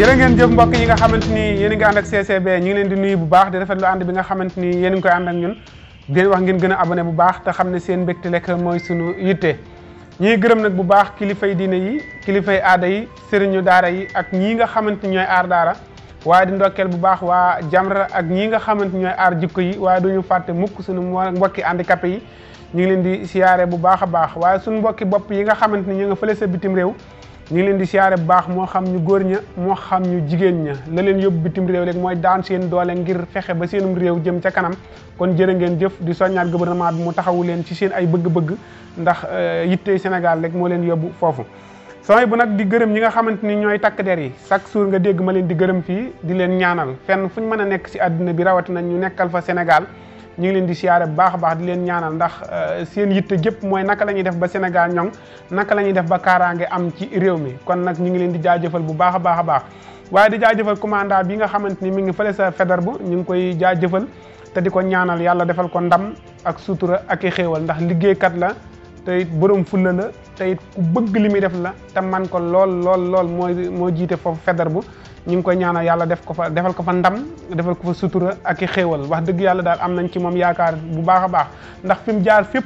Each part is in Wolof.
jërë ngeen jëf mbokk yi nga xamante ni yéen nga ngi ànd ak CCB ñu ngi leen di nuyu bu baax di rafetlu ànd bi nga xamante ni yéen a ngi koy ànd ak ñun gën wax ngeen gën a bu baax te xam ne seen mbégte lekk mooy sunu yitte ñuy gërëm nag bu baax kilifay diine yi kilifay aada yi sëriñu daara yi ak ñii nga xamante ni ñooy aar daara waaye di ndokkeel bu baax waa jamra ak ñii nga xamante ni ñooy aar jikko yi waaye ñu fàtte mukk sunu mbokki handicapé yi ñu ngi leen di siyaare bu baax a baax suñu mbokki bopp yi nga xamante ni ñu nga fële sa bitim réew ñu leen di siyaare bu baax moo xam ñu góor ña moo xam ñu jigéen ña la leen yóbbu bitim réew rek mooy daan seen doole ngir fexe ba seenum réew jëm ca kanam kon jërë ngeen jëf di soññaat gouvernement bi mu taxawu leen ci seen ay bëgg-bëgg ndax euh, yitte Sénégal rek moo leen yóbbu foofu sooy bu nag di gërëm ñi nga xamante ni ñooy takk der yi chaque jour nga dégg ma leen di gërëm fii di leen ñaanal fenn fu ñu mën a nekk si àdduna bi rawatina ñu nekkal fa Sénégal ñu ngi leen di siyaare bu baax a baax di leen ñaanal ndax euh, seen yitte gépp mooy naka la ñuy def ba Sénégal ñoŋ naka la ñuy def ba kaaraange am ci réew mi kon nag ñu ngi leen di jaajëfal bu baax a baax a baax waaye di jaajëfal commandant bi nga xamante ni mi ngi fële sa fedar bu ñu ngi koy jëfal te di ko ñaanal yàlla defal ko ndam ak sutura ak i xéewal ndax liggéeykat la te it borom fulla la te it ku bëgg li muy def la te man ko lool lool lool moo moo jiite foofu fedar bu ñu ngi koy ñaanal yàlla def ko fa defal ko fa ndam defal ko fa sutura ak i xéewal wax dëgg yàlla daal am nañ ci moom yaakaar bu baax a baax ndax fi mu jaar fépp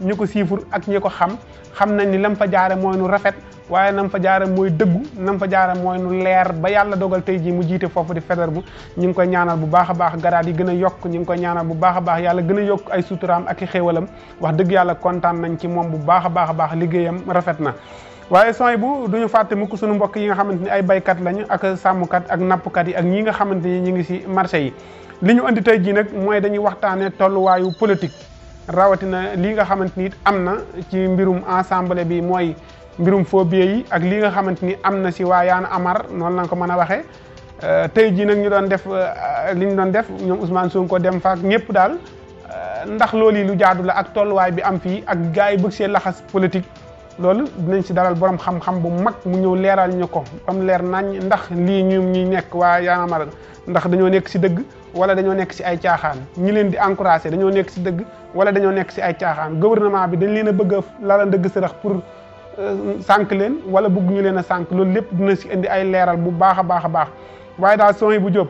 ñu ko siifur ak ñi ko xam xam nañ ni lam fa jaare mooy nu rafet waaye nam fa jaare mooy dëggu nam fa jaare mooy nu leer ba yàlla dogal tey jii mu jiite foofu di feder bu ñu koy ñaanal bu baax a baax garaat yi a yokk ñu ngi koy ñaanal bu baax a yàlla gën yokk ay suturaam ak i xéewalam wax dëgg yàlla kontaan nañ ci bu baax a baax a baax liggéeyam rafet na waaye sony bu duñu fàtte mukk suñu mbokk yi nga xamante ni ay baykat lañu ak sàmmkat ak nappkat yi ak ñi nga xamante ni ñu ngi si marché yi li ñu andi tey jii nag mooy dañuy waxtaanee tolluwaayu politique rawatina lii nga xamante ni am na ci mbirum ensemble bi mooy mbirum phobie yi ak lii nga xamante ni am na si waa Y'en a noonu lañ ko mën a waxee euh, tey jii nag ñu doon def euh, li ñu doon def ñoom Ousmane ko dem fa ñëpp daal euh, ndax loolu lu jaadu la ak tolluwaay bi am fii ak gars yi bëgg see laxas politique loolu dinañ si daral borom xam-xam bu mag mu ñëw leeral ñu ko am leer nañ ndax lii ñu ñuy nekk waaye Y'en ndax dañoo nekk si dëgg wala dañoo nekk si ay caaxaan ñi leen di encouragé dañoo nekk si dëgg wala dañoo nekk si ay caaxaan gouvernement bi dañ leen a bëgg a dëgg ndëgg sërax pour euh, sànq leen wala bëgg ñu leen a sànq loolu lépp dina si indi ay leeral bu baax a baax a baax waaye daal son bu jóob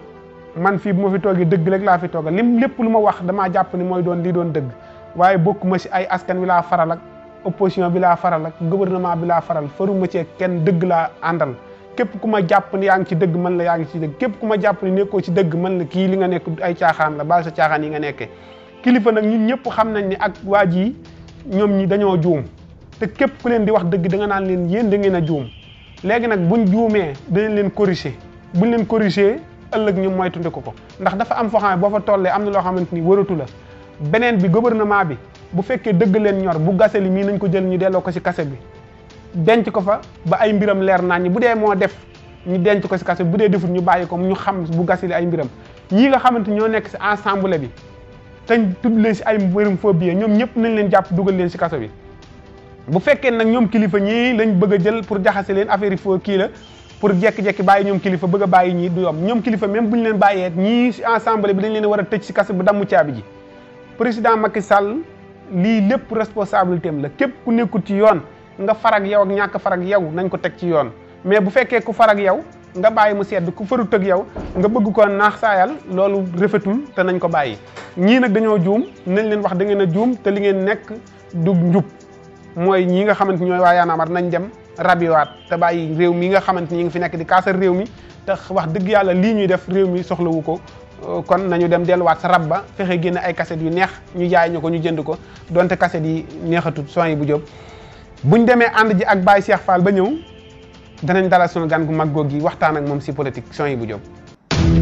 man fii bu ma fi toogee dëgg rek laa fi toogal lim lépp lu ma wax damaa jàpp ni mooy doon lii doon dëgg waaye bokkuma si ay askan wi laa faral ak opposition bi laa faral ak gouvernement bi laa faral faruma ci kenn dëgg laa àndal képp ku ma jàpp ni yaa ngi ci dëgg mën la yaa ngi ci dëgg képp ku ma jàpp ni nekkoo dëgg mën la kii li nga nekk ay caaxaan la baal sa caaxaan yi nga kilifa nag ñun ñëpp xam nañ ni ak waa ji ñoom ñi dañoo juum te képp ku leen di wax dëgg da nga naan leen yéen da ngeen a juum léegi nag buñ juumee danañ leen corriger buñ leen corriger ëllëg ñu moytundiku ko ko ndax dafa am foo xam ne boo fa tollee am na loo xamante ni waratu la beneen bi gouvernement bi bu fekkee dëgg leen ñor bu gaseli mii nañ ko jël ñu delloo ko si kase bi denc ko fa ba ay mbiram leer naa ñi bu dee moo def ñu denc ko si kase bi bu dee defut ñu bàyyi ko ñu xam bu gaseli ay mbiram ñii nga xamante ñoo nekk ci ensemble bi teñ tudd leen ci ay mbirum faux billets ñoom ñëpp nañ leen jàpp dugal leen si kaso bi bu fekkee nag ñoom kilifa ñii lañ bëgg a jël pour jaxase leen affaire yi foo kii la pour jekki-jekki bàyyi ñoom kilifa bëgg a bàyyi ñii du ñoom kilifa même bu ñu leen bàyyee ñii ci ensemble bi dañ leen war a tëj ci kaso bi dammu caabi ji président Macky Sall lii lépp responsabilité am la képp ku nekkul ci yoon nga farak yow ak ñàkk farak yow nañ ko teg ci yoon mais bu fekkee ku farak yow nga bàyyi mu sedd ku farut ak yow nga bëgg ko naax saayal loolu rafetul te nañ ko bàyyi ñii nag dañoo juum nañ leen wax dangeen a juum te li ngeen nekk dugg njub mooy ñii nga xamante ñooy waa Y'en a marre nañ dem rabiwaat te bàyyi réew mi nga xamante ñi ngi fi nekk di kaasal réew mi te wax dëgg yàlla lii ñuy def réew mi soxlawu ko kon nañu dem delluwaat sa rab ba fexe génn ay kaset yu neex ñu jaay ñu ko ñu jënd ko donte kaset yi neexatut son yi bu jóg buñ demee ànd ji ak baay Cheikh Fall ba ñëw danañ dalal sunu gan gu mag googu yi waxtaan ak moom si politique son yi bu jóg.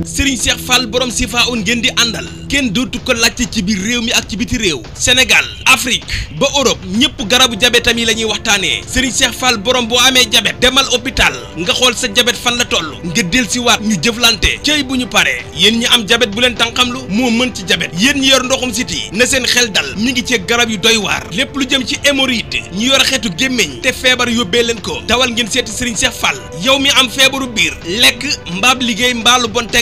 Serigne Cheikh Fall borom sifa un ngeen di àndal kenn dootu ko laajte ci biir réew mi ak ci biti réew Sénégal Afrique ba Europe ñëpp garabu jabetam yi la ñuy waxtaanee Serigne Cheikh Fall borom boo amee jabet demal hôpital nga xool sa jabet fan la toll ngir del si waat ñu jëflante cëy bu ñu paree yéen ñi am jabet bu leen tànqamlu moo mën ci jabet yéen ñi yor ndoxum siti na seen xel dal mi ngi ci garab yu doy waar lépp lu jëm ci hémorroïde ñu yor xeetu gémmiñ te feebar yóbbee leen ko dawal ngeen seeti Serigne Cheikh Fall yow mi am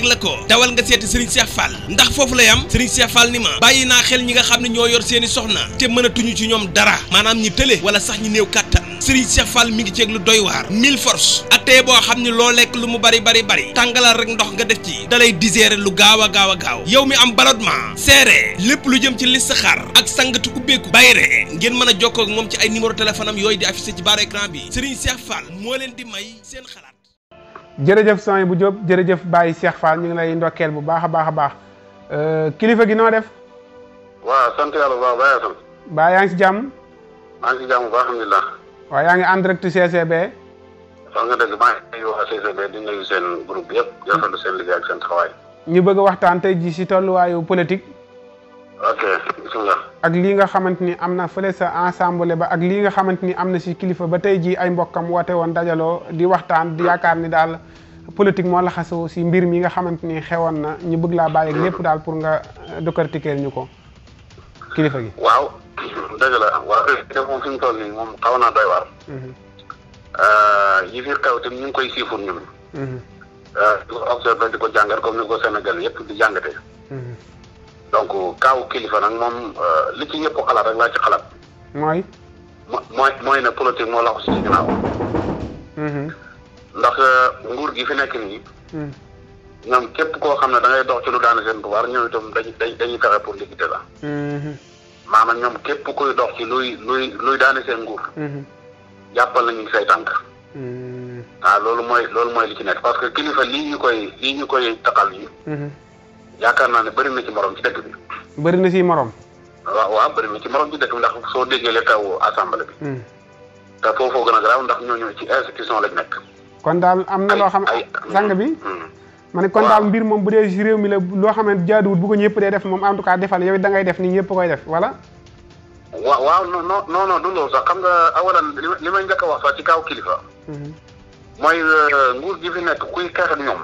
teg la ko dawal nga seeti Serigne Cheikh Fall ndax foofu la yam Serigne Cheikh ni ma bàyyi naa xel ñi nga xam ne ñoo yor seeni soxna te mënatuñu ci ñoom dara maanaam ñi tële wala sax ñi néew kàttan Serigne Cheikh Fall mi ngi ceeg lu doy mille force attee boo xam ne loo lekk lu mu bari bari bari tàngalal rek ndox nga def ci dalay digérer lu gaaw a gaaw a gaaw yow mi am ballonnement seere lépp lu jëm ci listixaar ak sangatu ubbeeku bayre ngeen mën a jokkoo ak moom ci ay numéro téléphone am jërëjëf sony bu Diop jërëjëf Baye Cheikh Fall ñu ngi lay ndokkeel bu baax a baax a baax euh, kilifa gi noo def. waaw sant yàlla bu baax Baye yaa ngi si jàmm. maa ngi si jàmm baax yaa ngi en seen groupe yëpp di rafetlu seen liggéey ak seen taxawaay. ñu bëgg waxtaan tey jii si tolluwaayu politique. ok lii nga xamante ni am na fële sa ensemble ba ak lii nga xamante ni am na si kilifa ba tey jii ay mbokkam woote woon dajaloo di waxtaan di yaakaar ni daal politique moo laxasoo si mbir mi nga xamante ni xewoon na ñu bëgg laa bàyyi lépp daal pour nga dokartikeel ñu ko kilifa gi. waaw dëgg la waaw def moom fi mu toll nii moom xaw naa doy waar. Mhm. Euh, yi fiir kaw itam ñu ngi koy siifur ñun. Mhm. Euh, di ko observé di ko jàngat comme ni ko Sénégal yëpp di jàngatee. Mhm. donc kaawu kilifa nag moom euh, li ci ñëpp xalaat rek laa ci xalaat. mooy. mooy mooy ne politique moo la ko si ginnaaw. Mm-hmm. ndax euh, nguur gi fi nekk nii. Mm. ñoom képp koo xam ne da ngay dox ci lu daan seen pouvoir ñoom itam dañuy dañuy dañuy fexe pour liquider la. Mm-hmm. maanaam ñoom képp kuy dox ci luy luy luy daane seen nguur. Mm-hmm. jàppal nañu say tànk. ah loolu mooy loolu mooy li ci nekk parce que kilifa lii ñu koy lii ñu koy yi. yaakaar naa ne bëri na ci morom ci dëkk bi. bëri na ci morom. waaw waaw bëri na ci morom ci dëkk bi ndax soo déggee le taw assemblée bi. Hmm. te foofoo gën a garaaw ndax ci institution lañ nekk. kon daal am na loo xam sang bi. Hmm. Hmm. ma kon daal mbir moom bu dee ci réew mi la loo xam ne jaaduwul bu ñëpp dee def moom en tout cas defal yow da ngay def ni ñëpp koy def voilà. waaw waaw non non non du loolu sax xam nga awalan li may njëkk a wax sax ci kaw kilifa. mooy euh, nguur gi fi nekk kuy xeex ak ñoom.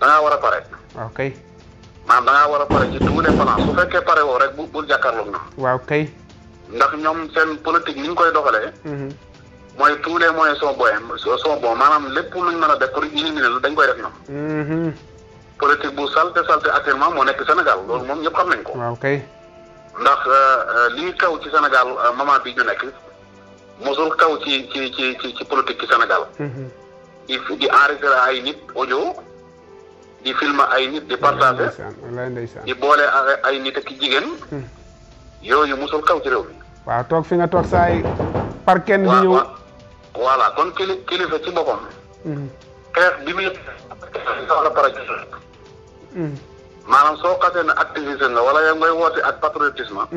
da ngaa war a pare. maanaam da ngaa war a pare ci tous les su fekkee pare woo rek bu bul jàkkaarloog na waaw kay. ndax ñoom seen politique ni ñu koy doxalee. Mhm. mooy tous les moyens sont bons sont bons maanaam lépp luñ mën a def pour éliminer lu dañ koy def ñoom. Mhm. politique bu salte salte actuellement moo nekk Sénégal loolu moom ñëpp xam nañ ko. waaw kay. ndax euh, euh, lii kaw ci Sénégal euh, moment bi ñu nekk mosul kaw ci ci ci ci politique ci Sénégal. di mhm. di enregistrer ay nit audio. di filmer ay nit di partagé di boole ay nit ak jigéen hmm. yooyu musul kaw ci réew mi waaw toog fi nga toog saay par kenn di ñëw voilà kon kili kilifa ci boppam hmm. xeex bi muy soxla paradise hmm. maanaam soo xasee ne activiste nga wala yow ngay woote ak patriotisme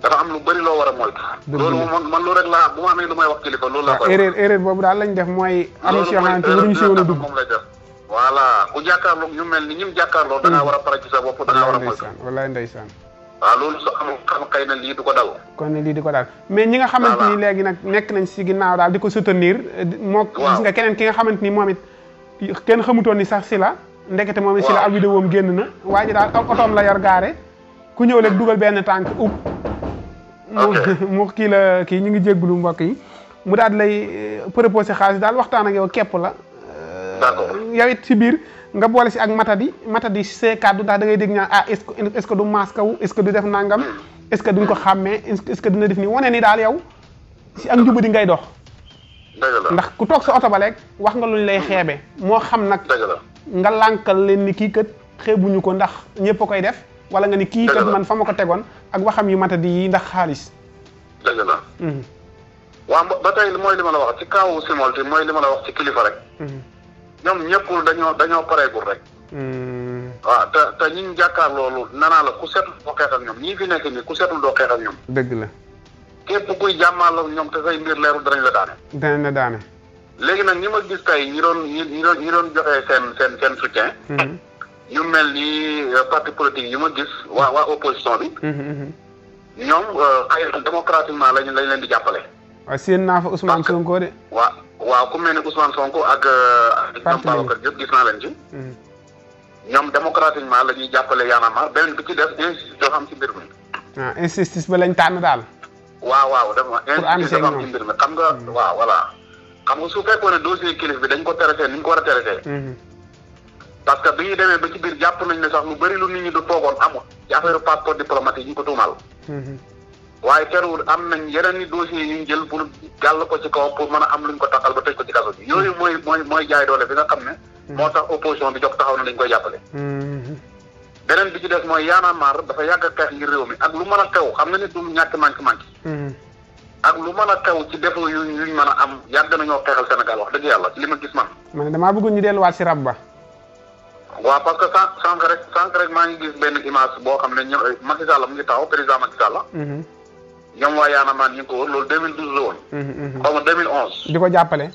dafa am lu bëri loo war a moytu loolu man lu rek laa bu ma amee lu may wax kilifa loolu la erreur daal lañ def mooy am ah, si yoo xamante ne dugg voilà ku jàkkaarloog ñu mel ni ñim jàkkaarloo da war a pare ci sa bopp da war a moytu wallaay ndeysaan waaw loolu su amul xam xëy na lii du ko dal lii du ko dal mais ñi nga xamante ni léegi nag nekk nañ si ginnaaw daal di ko soutenir moo gis nga keneen ki nga xamante ni moom it kenn xamutoon ni sax si la ndekete moom it si la ab vidéo am génn na waa ji daal ak otoom la yor gaare ku ñëw rek dugal benn tànk ub mu kii la kii ñu ngi jéggulu mbokk yi mu daal lay euh, proposé xaalis daal waxtaan ak yow képp la d'accord yow it si biir nga boole si ak matadi matadi see kàddu ndax da ngay dégg ñaan ah est-ce que est-ce que du maas kaw est du def nangam est-ce que duñ ko xàmmee est-ce que dina def ni wane ni daal yow si ak njubadi ngay dox ndax ku toog sa oto ba rek wax nga luñ lay mm-hmm. xeebe moo xam nag nga lànkal leen ni kii kat xeebuñu ko ndax ñëpp koy def wala nga ni kii kat man fa ma ko tegoon ak waxam yu matadi yi ndax xaalis dëgg la mm-hmm. waaw ba tey mooy li ma la wax ci kaw simolti mooy li ma la wax ci rek mm-hmm. ñoom ñëppul dañoo dañoo pareegul rek. Hmm. waaw te te ñu jàkkaar loolu nanaa la ku setul doo xeex ñoom ñii fi nekk nii ku setul doo xeex ak ñoom. dëgg la. képp kuy jàmmaarloo ak ñoom te say mbir leerul danañ la daane. danañ la daane. léegi nag ñi ma gis tey ñi doon ñi ñi doon ñi doon joxe seen seen seen soutien. Hmm. ñu mel ni euh, parti politique yi ma gis waa waa opposition bi. Hmm, ñoom xëy euh, na démocratiquement lañ lañ leen di jàppale. waaw séen naa fa Ousmane Sonko de. waaw waaw ku mel ne Ousmane sonk ak. ñoom euh, gis naa leen ci. Hmm. ñoom démocratiquement la ñuy jàppale Y'en a marre beneen bi ci def injustice dafa am ci mbir mi. ah injustice ba lañ tànn daal. waaw waaw dafa injustice dafa am ci mbir mi xam nga. Hmm. waaw voilà xam nga su fekkoon ne dossier kilif bi dañ ko traité ni ñu ko war a traité. Hmm. parce que bi ñu demee ba ci biir jàpp nañ ne sax lu bëri lu nit ñi du toogoon amul ci affaire passeport diplomatique ñu ko tuumal. waaye terewul am nañ yeneen i dossiers yu ñu jël pour gàll ko ci kaw pour mën a am ñu ko takkal ba tëj ko ci kaso bi yooyu mooy mooy mooy jaay doole bi nga xam ne. Hmm. moo tax opposition bi jox taxaw na dañ koy jàppale. Hmm. beneen bi ci def mooy yaana maar dafa yàgg a xeex ngir réew mi ak lu mën a xew xam na ne du ñàkk manqué manqué. Hmm. ak lu mën a xew ci défaut yu yuñ mën a am yàgg nañoo xeexal Sénégal wax dëgg yàlla li ma gis man. man damaa bëgg ñu delluwaat si rab ba. waaw parce que sànq rek sànq rek maa ngi gis benn image boo xam ne ñoom Macky Sall mu ngi taxaw président Macky Sall ñoom waa Yaana Maan ñu ngi ko wër loolu 2012 la woon. Mhm, mhm. xaw ma 2011. di ko jàppale.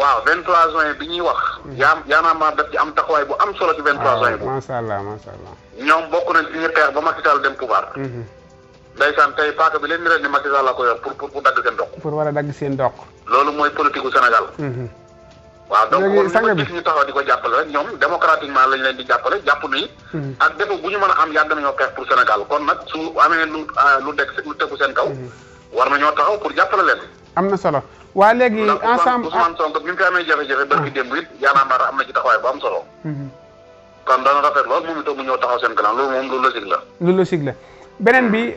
waaw 23 juin bi ñuy wax. Mhm. yaa Yaana Maan daf ci am taxawaay bu am solo ci 23 juin bi. Ah, macha allah macha allah. ñoom bokk nañ ci ñu xeex ba Macky Sall dem pouvoir. ndeysaan tey paaka bi leen ni leen ni Macky Sall la ko yor pour pour dagg seen dox. pour war a dagg seen dox. loolu mooy politique Sénégal. waaw donc sanga bi ñu taxaw di ko jàppale rek ñoom démocratiquement lañ leen di jàppale jàpp ni hmm. ak défaut euh, hmm. na solo waa léegi ensemble Ousmane bi hmm. na ci taxawaay bu am solo kon dana rafet lool moom itam mu ñëw taxaw seen kanam loolu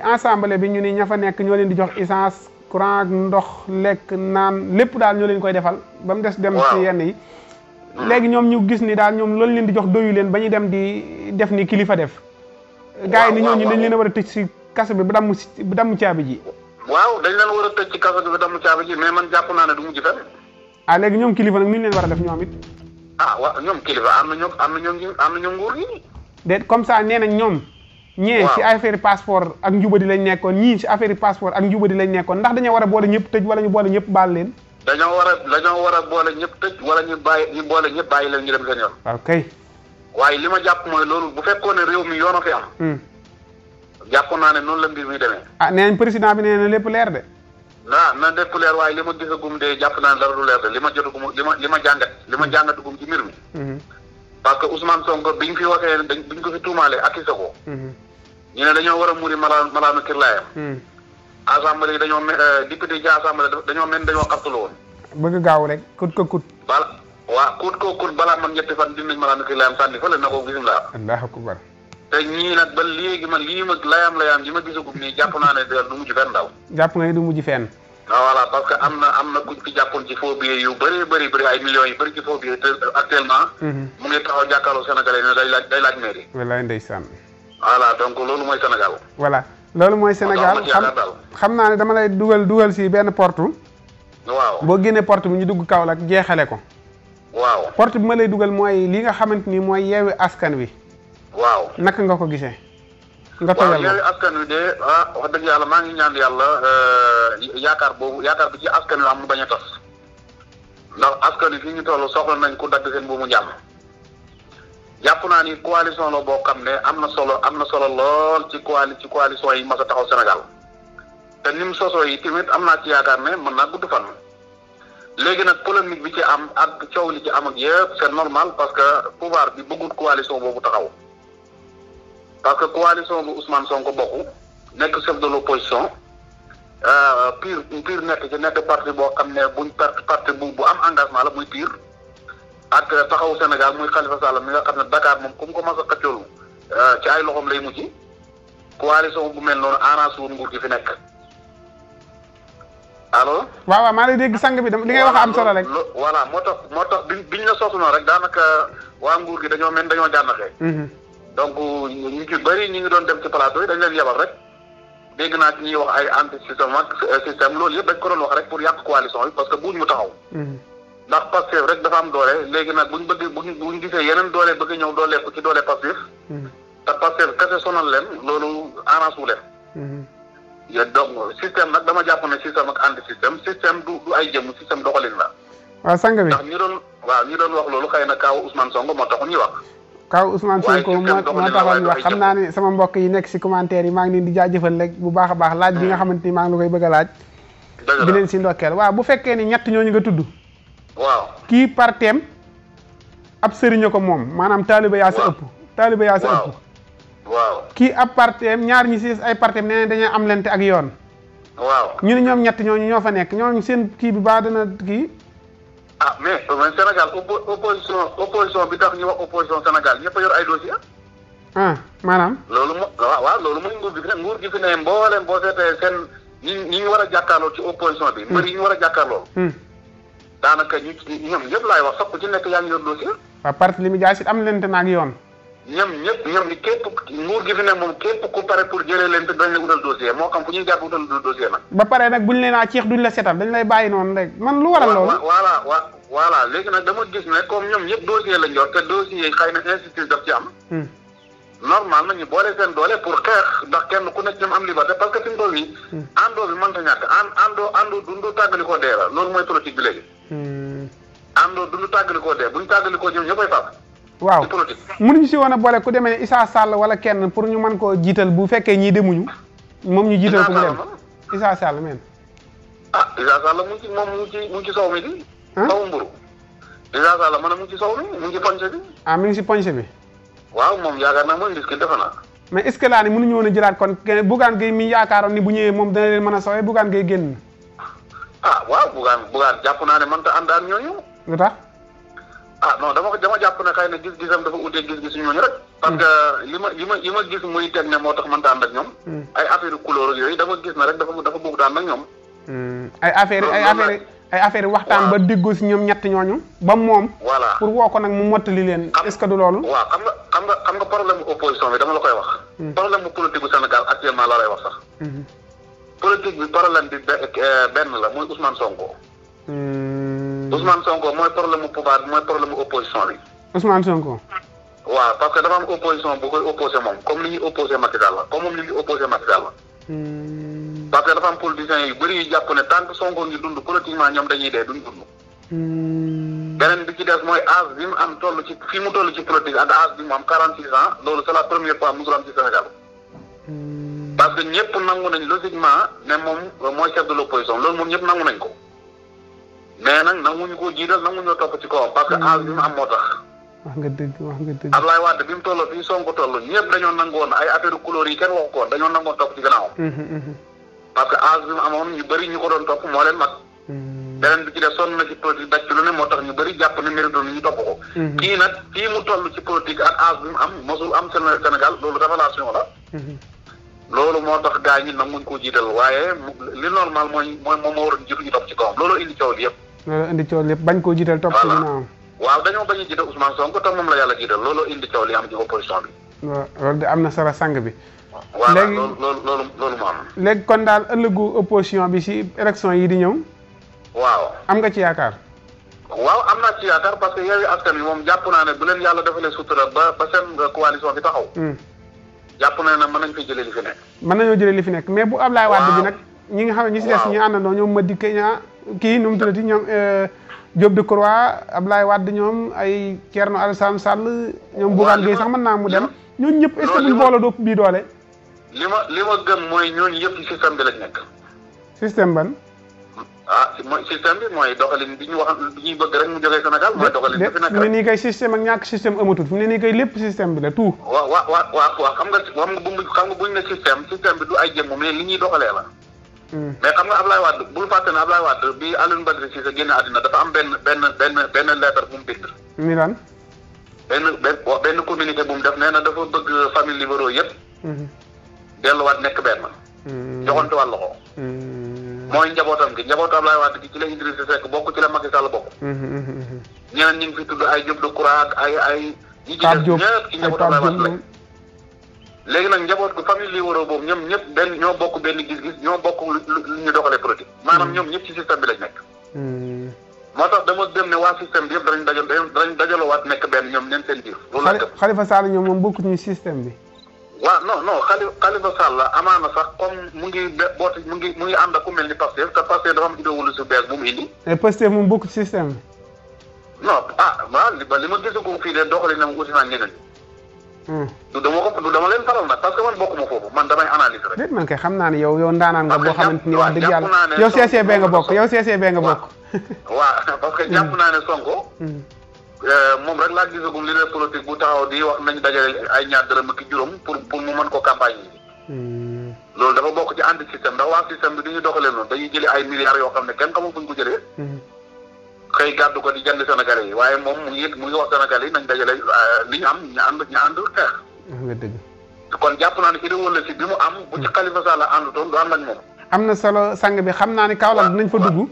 ensemble bi ñu ni ña nekk ñoo leen di jox essence courant ak ndox lekk naan lépp daal ñu leen koy defal ba des dem ci yenn yi hmm. léegi ñoom ñu gis ni daal ñoom loolu leen di jox doyu leen ba ñu dem di def ni kilifa def gars yi ni ñooñu dañ leen war a si kaso bi bu damm si bu damm caabi ji waaw dañ leen war a tëj ci kaso bi bu damm caabi ji man jàpp ne du mujj fenn ah, ñoom kilifa nag ñu leen war a def ñoom it ah waaw ñoom kilifa am na ñoom am na ñoom am na ñoom nguur gi comme ça nee nañ ñoom ñee ci affaire passeport ak njubadi lañ nekkoon ñii ci affaire passeport ak njubadi lañ nekkoon ndax dañoo war a boole ñëpp tëj wala ñu boole ñëpp baal leen dañoo war a dañoo war a boole ñëpp tëj wala ñu bàyyi ñu boole ñëpp bàyyi leen ñu dem seen yoon waaw waaye li ma jàpp mooy loolu bu fekkoon ne réew mi yoon a fi am hmm. jàpp naa ne noonu la mbir mi demee ah neen président bi nee na lépp leer de na na lépp leer waaye li ma gisagum de jàpp naa ne dara leer de li ma jotagum li ma li ma jàngat li ma hmm. jàngatagum ci mi hmm. parce que Ousmane Sonko biñ fi waxee dañ biñ ko fi tuumaale akisa ko ñu ne dañoo war a muuri malaan malaanu kirlaayam. Hmm. assemblée yi dañoo mel euh, député yi assemblée dañoo mel dañoo xartulu woon. bëgg gaaw rek kut ko kut. bala waa kut ko kut balaa man ñetti fan dinañ malaanu kirlaayam sànni fële na ko bisimilah. allahu akbar. te ñii nag ba léegi man lii ma layaam layaam yi ma gisagum nii jàpp naa ne du mujj fenn daw. jàpp nga ne du mujj fenn. voilà parce que am na am na kuñ fi jàppoon ci faux yu bëree bëri bëri ay millions yu bëri ci faux billets te actuellement. Hmm. voilà donc loolu mooy Sénégal. voilà loolu mooy Sénégal xam xam naa ne dama lay dugal dugal si benn porte. waaw boo génnee porte bi ñu dugg Kaolack jeexale ko. waaw porte bi ma lay dugal mooy li nga xamante ni mooy yeewi askan wi. waaw naka nga ko gise nga toogal ma waaw yeewi ah, dëgg yàlla maa ngi ñaan yàlla euh, yaakaar boobu yaakaar bi ci askan wi am mu bañ a tas. ndax askan wi fi ñu toll soxla nañ ku dagg seen buumu njàmm. jàpp naa ni coalition la boo xam ne am na solo am na solo lool ci coali ci coalition yi ma a taxaw Sénégal te ni mu sosoo yi tamit am naa ci yaakaar ne mën naa gudd fan. léegi nag polémique bi ci am ak coow li ci am ak yëpp c'est normal parce que pouvoir bi bëggul coalition boobu taxaw parce que coalition bu Ousmane Sonko bokk nekk chef de l'opposition euh, pire pire nekk ci nekk parti boo xam ne buñ perte parti bu bu am engagement la muy pire. ak taxawu Sénégal muy Khalifa Sall mi nga xam ne Dakar moom ku mu ko mas a xëccoolu euh, ci ay loxoom lay mujj coalition bu mel noonu arrangé wul nguur gi fi nekk allo. waaw waaw maa ngi dégg sang bi li ngay wax am solo rek. moo tax moo tax bi biñ la sosu rek daanaka waa nguur gi dañoo mel dañoo jànnaxee. Mm-hmm. donc ñu ci ñu ngi doon dem ci plateau yi dañ leen yebal rek dégg naa ci ñuy wax ay anti système ak système loolu yëpp dañ ko doon wax rek pour yàq coalition bi parce que buuñ mu taxaw. Mm-hmm. ndax Pastef rek dafa am doole léegi nag buñ bëgg buñ buñ gisee yeneen doole bëgg ñëw doole ko ci doole Pastef mhm. te Pastef kese sonal leen loolu arrange wu leen mhm. yéen donc système nag dama jàpp ne système ak anti système système du du ay jëm système doxalin la. waaw sang bi ndax ñi doon waaw ñi doon wax loolu xëy na Kaaw Ousmane Sonko moo taxu ñuy wax. Kaaw Ousmane Sonko moo moo taxoon ñu wax xam naa ne sama mbokk yi nekk si commentaire yi maa ngi leen di jaajëfal rek bu baax a baax laaj bi nga hmm. xamante ni maa ngi koy bëgg a laaj. di leen si bu fekkee ni ñett ñooñu nga tudd waaw kii par thème ab sëriñ ko moom maanaam taaliba yaa ëpp taaliba yaa sa ëpp kii ab par thème ñaar ñi siis ay par thème nee nañ dañoo am lente ak yoon waaw ñu ne ñoom ñetti ñooñu ñoo fa nekk ñooñu seen kii bi baa dana kii ah mais man Sénégal opposition bi tax ñu wax opposition Sénégal ñëpp a yor ay dossier ah, maanaam loolu mo waaw loolu mooy nguur gi fi ne boo seetee seen ñu war a jàkkaarloo ci opposition bi hmm. mbir ñu war a jàkkaarloo hmm. daanaka ñu ci ñoom ñëpp laay wax sax ku ci nekk yaa ngi yor dossier. waaw parti li mu si am lente naag yoon. ñoom ñëpp ñoom ni képp moom képp ku pare pour jëlee lente dañ la utal dossier moo xam fu ñuy jàpp utal dossier nag. ba pare nag buñ leen a ceex duñ la setal dañ lay bàyyi noonu rek man lu waral loolu. voilà wa voilà léegi nag dama gis ne comme ñoom ñëpp dossier lañ yor te dossier yi na institut daf ci am. Hmm. normal na ñu boole seen doole pour xeex ndax kenn ku nekk ñoom am liberté parce que fi mu toll nii. Hmm. àndoo loolu mooy politique bi àndoo du ñu tàggalikoo dee bu ñu tàggalikoo ñoom ñoo koy fab. waaw ci si woon a boole ku demee ne Issa wala kenn pour ñu mën koo jiital bu fekkee ñii demuñu. moom ñu jiital ko mu dem Issa Sall men ah Issa Sall mu ngi ci moom mu ngi ci mu ngi ci sow mi di. sawu mburu Issa bi. ah mu ngi si poñse bi. waaw moom yaakaar naa mooy risque yi defe naa. mais est-ce que laa ne mënuñu woon a jëlaat kon Bougane Gueye mi yaakaaroon ni bu ñëwee moom dana leen mën a sowee Bougane Gueye génn. ah waaw Bougane Bougane jàpp naa ne mënta ànd ak ñooñu lu tax. ah non dama ko dama jàpp ne xëy na gis-gisam dafa utee gis-gis ñooñu rek. parce li ma li ma li ma gis muy teg ne moo tax man daan ak ñoom. Hmm. ay affaire couleur yooyu dama gis ne rek dafa dafa bëgg daan ak ñoom. Hmm. ay affaire ay affaire ay affaire waxtaan ba diggoo si ñoom ñett ñooñu. ba moom. voilà pour woo ko nag mu mottali leen. est-ce que du loolu. waa xam nga xam nga xam nga problème mu opposition bi dama la koy wax. Hmm. problème mu politique bu Sénégal actuellement la lay wax sax. politique bi problème bi eh, benn la muy Ousmane Sonko. Hmm. Ousmane Sonko mooy problème mu pouvoir bi mooy problème mu opposition bi. Ousmane Sonko. waaw parce que dafa am opposition bu koy opposé moom comme li ñuy opposé la comme moom li ñuy opposé Macky Sall la. Hmm. parce que dafa am politiciens yu bëri yu jàpp ne tant que Sonko ngi dund politiquement ñoom dañuy dee duñ dund. Hmm. beneen bi ci mooy âge bi mu am toll ci fi mu toll ci politique ak âge bi mu m quarante six ans loolu c'est la première fois musul am ci Sénégal. parce que ñëpp nangu nañ logiquement ne moom mooy chef de l'opposition loolu moom ñëpp nañ ko. mais nag nanguñu koo jiital nanguñoo topp ci kawam parce que aal bi mu am moo tax. wax nga dëgg wax nga dëgg. Ablaye Wade bi mu toll fii Sonko toll ñëpp dañoo nangoon ay affaire couleur yi kenn waxu ko dañoo nangoon topp ci gannaaw. Mhm, mhm. parce que bi mu amoon ñu bëri ñu ko doon topp moo leen mag. Mhm. beneen bi ci def sonn na ci politique daj ci lu ne moo tax ñu bëri jàpp ne mérite ñu topp ko. kii nag kii mu toll ci politique ak aas bi mu am mosul am Sénégal loolu révélation la. loolu moo tax gaa ñi nanguñ koo jiital waaye li normal mooy mooy moom moo ñu topp ci kawam looloo indi yëpp. loolu indi coow lépp bañ koo jiital topp si ginnaawam waaw dañoo bañ a jiital Ousmane Sonko te moom la yàlla jiital looloo indi coow li am ci opposition bi loolu de am na sara sang bi léegi kon daal ëllëgu opposition bi si élection yi di ñëw waaw am nga ci yaakaar waaw am naa ci yaakaar parce que Yewwi Askan Wi moom jàpp naa ne bu leen yàlla defalee sutura ba ba seen coalition bi taxaw hmm. jàpp naa ne mën nañ fi jëlee li fi nekk mën nañoo li fi nekk mais bu Ablaye Wade bi nag kii nu mu tuddati ñoom euh, Diop de Croix Ablaye Wade ñoom ay Thierno Alassane Sall ñoom Bougane Gueye sax mën naa mu dem ñooñu ñëpp est-ce que buñ doole li ma li ma gëm mooy ñooñu yëpp système bi la nekk système ban ah mooy système bi mooy doxalin bi ñu wax bi bëgg rek mu jógee Sénégal mooy doxalin bi fi nekk ne nii kay système ak ñàkk système amatul fu mu ne nii kay lépp système bi la tout waaw waaw waaw waaw xam nga xam nga bu xam nga buñ ne système système bi du ay jëmm mais li ñuy doxalee la mais xam nga Ablaye Wade bul fàtte ne Ablaye Wade bi Alioune Badara Cissé génn àddina dafa am benn benn benn benn lettre bu mu bind. ni lan. benn benn benn bu mu def nee dafa bëgg famille libéraux yëpp. Mhm. delluwaat nekk benn. Mhm. joxantuwaat loxo. Mhm. mooy njabootam gi njabootu Ablaye Wade gi ci la Idrissa Seck bokk ci la Macky Sall bokk. ñeneen ñi ngi fi tudd ay Diop Decroix ak ay ay. ñi ci def ñëpp ci njabootu Ablaye léegi nag njaboot gu famille li waroo boobu ñoom ñëpp benn ñoo bokk benn gis-gis ñoo bokk lu ñu doxalee politique hmm. maanaam ñoom ñëpp ci système bi lañ nekk. Hmm. moo tax dama dem ne waa système bi yëpp danañ dajal danañ dajaloowaat nekk benn ñoom ñeen seen biir. loolu la Khalifa Sall ñoom moom bokkuñu système bi. waaw non non xali Khalifa Sall amaana sax comme mu ngi be booti mu ngi mu ngi ànd ak ku mel ni Pastef te Pastef dafa mu indi. mais Pastef moom bokk ci système bi. non ah waaw li ba li ma gisagu fii de doxalinam uti naa du dama ko du dama leen faral nag parce que man bokkuma foofu man damay analyse rek. déet man kay xam naa ne yow yow ndaanaan nga boo xamante ni jàpp naa ne Sonko. Hmm. Euh, moom rek laa li leader politique bu taxaw di wax nañ dajale ay ñaar dërëm ak juróom pour pour mu mën ko campagne yi. Hmm. loolu dafa bokk ci anti système ndax waa système bi du ñu doxalee noonu dañuy jëli ay milliards yoo xam ne kenn xamul fu ñu ko jëlee. Hmm. xëy gàddu ko di jënd Sénégalais yi waaye moom mu kon jàpp naa ne idée wala si bi mu am. bu ci hmm. Khalifa Sall àndutoon du ànd ak moom. am na solo sang bi xam naa ne Kaolack nañ fa dugg.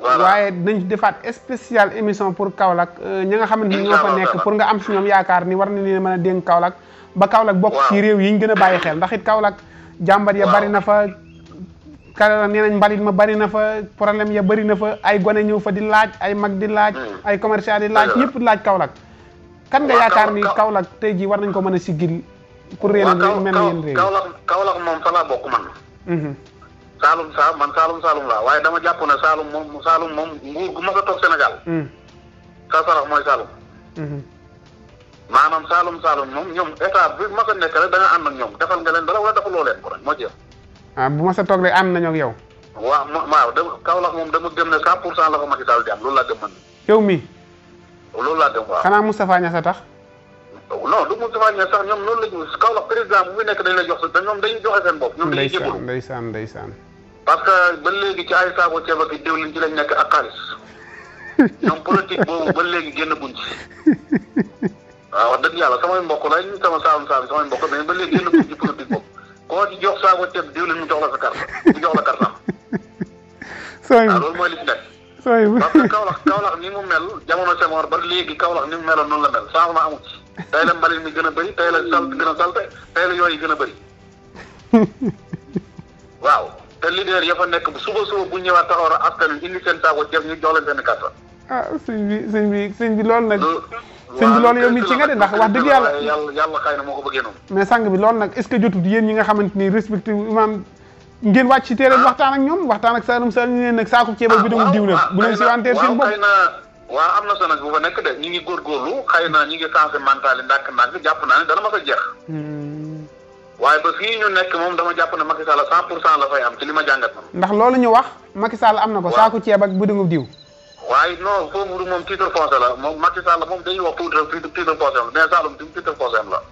waaye dinañ defaat spécial émission pour Kaolack euh, ñi nga xamante ni ñoo fa nekk pour nga am si ñoom yaakaar ni war na leen mën a dénk Kaolack ba Kaolack bokk ci réew yi ñu gën a bàyyi xel ndax it Kaolack jàmbat ya bari na fa ka nee nañ mbalit ma bari na fa problème ya bari na fa ay gone ñëw fa di laaj ay mag di laaj. Hmm. ay commercial di laaj ñëpp di laaj Kaolack. kan nga yaakaar ni Kaolack tey jii war nañ ko mën a siggil. pour réew mi mel ni yéen réew moom fa bokk man. Mhm. Saalum Saalum man Saalum Saalum laa waaye dama jàpp ne Saalum moom Saalum moom nguur gu ma ko toog Sénégal. Hmm. sa sarax mooy Saalum. Mhm. maanaam Saalum Saalum moom ñoom état bi ma ko nekk rek da nga ànd ak ñoom defal nga leen dara wala moo jeex. ah bu ma sa toog rek ànd nañoo ak yow. waaw ma waaw dama Kaolack moom dama gëm ne 100 pour cent la fa Macky Sall di am loolu laa gëm man. yow mii. loolu laa gëm waaw. xanaa Moustapha Niass a tax. non du Moustapha Niass sax ñoom noonu la ñu Kaolack président bu fi nekk dañ lay jox sa ñoom dañuy joxe seen bopp. ñoom dañuy jébbalu ndeysaan ndeysaan parce que ba léegi ci ay saako ceeb ak diwlin ci lañ nekk ak xaalis ñoom politique boobu ba léegi génn guñ ci. waaw wax dëgg yàlla samay mbokk lañ sama saam saam samay mbokk mais ba léegi génn guñ ci politique boobu koo ci jox saako ceeb diwlin mu jox la sa kar mu jox la kartam. sooy waaw ah, loolu mooy li ci nekk. sooy parce que Kaolack Kaolack ni mu mel jamono Senghor ba léegi Kaolack ni mu meloon noon la mel changement amul tey la mbalit mi gën a bëri tey la gën a salte tey la yooyu gën a bëri. waaw te leader ya fa nekk suba suba bu ñëwaat taxawal askan wi indi seen saako ceeb ñu jox leen seen kartam. ah sëñ bi sëñ bi sëñ bi loolu nag. sëñ bi loolu yow mi ci nga de ndax wax dëgg yàlla yàlla yàlla xëy na moo ko bëggee noonu. mais sang bi loolu nag est ce que yéen ñi nga xamante ni respecté imaam ngeen wàcc ci téere ah. waxtaan waxtaan ak Saalum Saalum ñu ne nag saako ceebal bi ah, demul diw la bu leen si wanteer seen bopp waaw am na solo bu fa nekk de ñu ngi góorgóorlu xëy na jàpp naa ne dana ma ko jeex. Hmm. waaye ba fii ñu moom dama jàpp ne Macky Sall 100 pour cent la am li ma jàngat. ndax loolu ñu wax Macky Sall am na ko saako ceeb ak bu dingub diw waaye non Sonkourou moom titre foncier la moom Macky Sall moom dañuy wax tuuti rek titre foncier la mais Saloum du titre foncier la.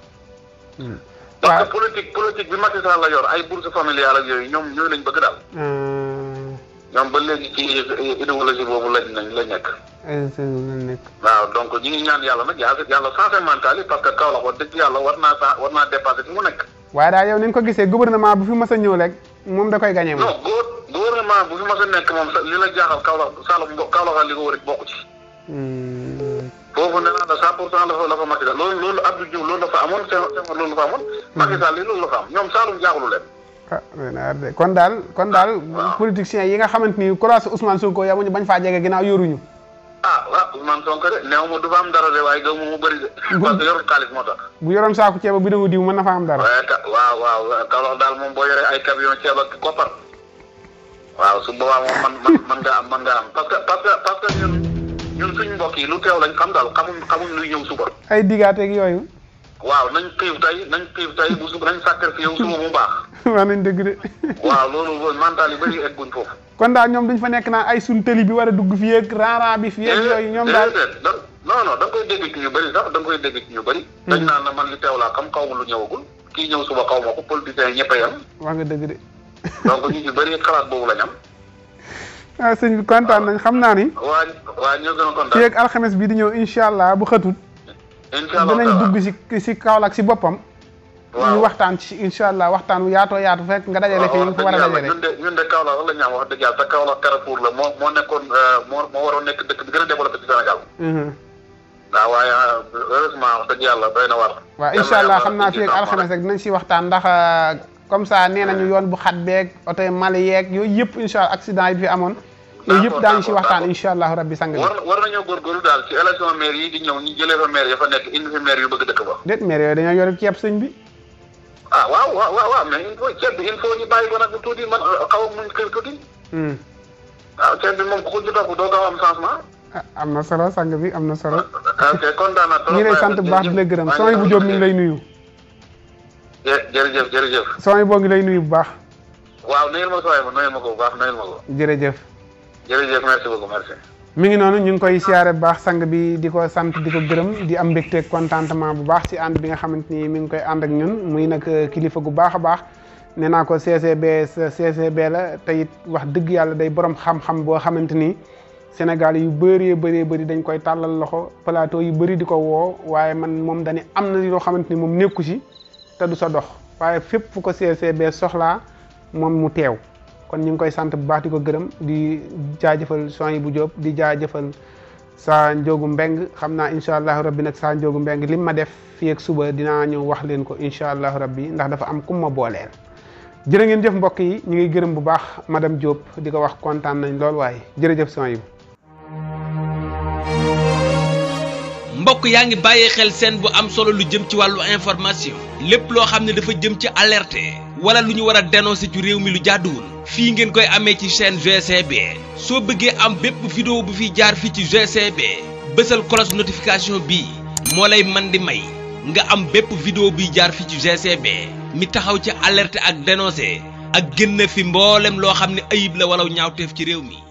Hmm. parce que politique politique bi Macky Sall la yor ay bourse familiale ak yooyu ñoom ñooy lañ bëgg daal. Hmm. ñoom ba léegi ci idéologie boobu lañ nañ la nekk. waaw donc ñi ngi ñaan yàlla nag yàlla yàlla changé mental yi parce que Kaolack wax dëgg yàlla war naa sa war naa dépassé fi mu nekk. waaye daal yow ni nga ko gisee gouvernement bu fi mas a ñëw rek. moom da koy gagné moom. non gouvernement bu fi ma sa nekk moom li la jaaxal Kaolack Saloum Kaolack li ko wër bokk ci. Hmm. foofu nee naa la 100% la fa la fa Macky Sall loolu loolu Abdou Diouf loolu la fa amoon Senghor loolu la fa amoon. Hmm. Macky loolu la fa am ñoom Saloum jaaxlu leen. Ah, kon daal kon daal. Ah, politiciens yi nga xamante ni croise Ousmane Sonko yamuñu bañ faa jege ginnaaw yoruñu. Ousmane Sonko de néew ma du fa am dara de waaye gëw ma mu bëri de. parce que yorul xaalis da tax. bu yoroon saako ceeb ak bidon diw mën na fa am dara. waaw waaw Kaolack daal moom boo yoree ay camion ceeb ak koppar. waaw su boobaa man man nga am man nga am parce que ñun ñun suñu mbokk yi lu teew lañ xam daal xamuñ xamuñ luy ñëw suba. ay digaateeg yooyu. waaw nañ xiif tey nañ xiif tey bu suba nañ sacrifié wu suba mu baax. waaw nañ dëgg de. waaw loolu mental yi bëri egguñ foofu. kon daal ñoom dañ fa nekk naa ay suñ tëli bi war a dugg fii ak raaraan bi fii ak yooyu ñoom daal non non da nga koy dégg hmm. dañ naan man li teew laa xam kaw lu ñëwagul kii ñëw suba xaw ma ko politiciens yi ñëpp a yem. wax nga dëgg de. donc ñu ci bëri xalaat boobu la ñu am. ah sëñ bi kontaan nañ xam naa ni. waa waa ñoo gën a kontaan. fii ak alxames bi di ñëw incha allah bu xëtut incha allah dinañ dugg si si Kaolack si boppam. waaw ñu waxtaan ci incha allah waxtaan bu yaat yaatu fekk nga dajale fi ñu ko war a dajale ñun de ñun de Kaolack wala ñaam wax dëgg yàlla moo moo nekkoon euh, moo moo waroon nekk dëkk bi gën a développé ci mhm. euh, dëgg yàlla doy na war. waaw incha allah xam naa fi ak alxames rek dinañ si waxtaan ndax euh, comme ça nee nañu mm. yoon bu xat beeg oto mali yeeg yooyu yëpp incha accident yi fi amoon. yooyu yëpp daañu si waxtaan incha allahu rabbi sang war war nañoo góorgóorlu daal ci élection maire yi di ñëw ñu jëlee fa maire ya fa nekk indi fi maire yu bëgg dëkk ba déet maire yooyu dañoo yore ceeb sëñ bi ah waaw waaw waaw waaw mais il faut ceeb bi il faut ñu bàyyi ko nag bu tuuti man euh, xaw a muñ kër tuuti waaw hmm. ah, ceeb bi ko doo gaaw am changement ah, am na solo sang bi am na solo ah, ok kontaan naa trop lay sant bu baax di la gërëm sooy bu jóob mi ngi lay nuyu jërëjëf jërëjëf sooy bo gi lay nuyu bu baax waaw nuyul ma sooy ma nuyul ma ko bu baax nuyul jërëjëf jërëjëf mi ngi noonu ñu ngi koy siyaare bu baax sang bi di ko sant di ko gërëm di am mbégte contentement bu baax ci ànd bi nga xamante ni mi ngi koy ànd ak ñun muy nag euh, kilifa gu baax a baax nee naa ko CCB CCB la te wax dëgg yàlla day borom xam boo xamante ni Sénégal yu bëree bëree bëri dañ koy tàllal loxo plateau yu bëri di ko woo waaye man moom dañu am na yoo xamante ni moom nekku ci te du sa dox waaye fépp fu ko CCB soxlaa moom mu teew. kon ñu ngi koy sant bu baax di ko gërëm di jaajëfal soin bu Diop di jaa jëfal saa njóogu mbeng xam naa incha allahu rabbi nag saa njóogu mbeng lim ma def fii ak suba dinaa ñëw wax leen ko incha allahu rabbi ndax dafa am kum ma booleel. jërë ngeen jëf mbokk yi ñu ngi gërëm bu baax ma dem jóob di ko wax kontaan nañ lool waaye jërëjëf soin bu mbokk yaa ngi bàyyi xel seen bu am solo lu jëm ci wàllu information lépp loo xam ne dafa jëm ci alerte wala lu ñu war a dénoncer ci réew mi lu jàdduwul fii ngeen koy amee ci chaîne GCB soo bëggee am bépp vidéo bu fi jaar fii ci GCB bésal cloche notification bi moo lay man di may nga am bépp vidéo buy jaar fii ci GCB mi taxaw ci alerte ak dénoncer ak génn fi mboolem loo xam ne ayib la walaw ñaawteef ci réew mi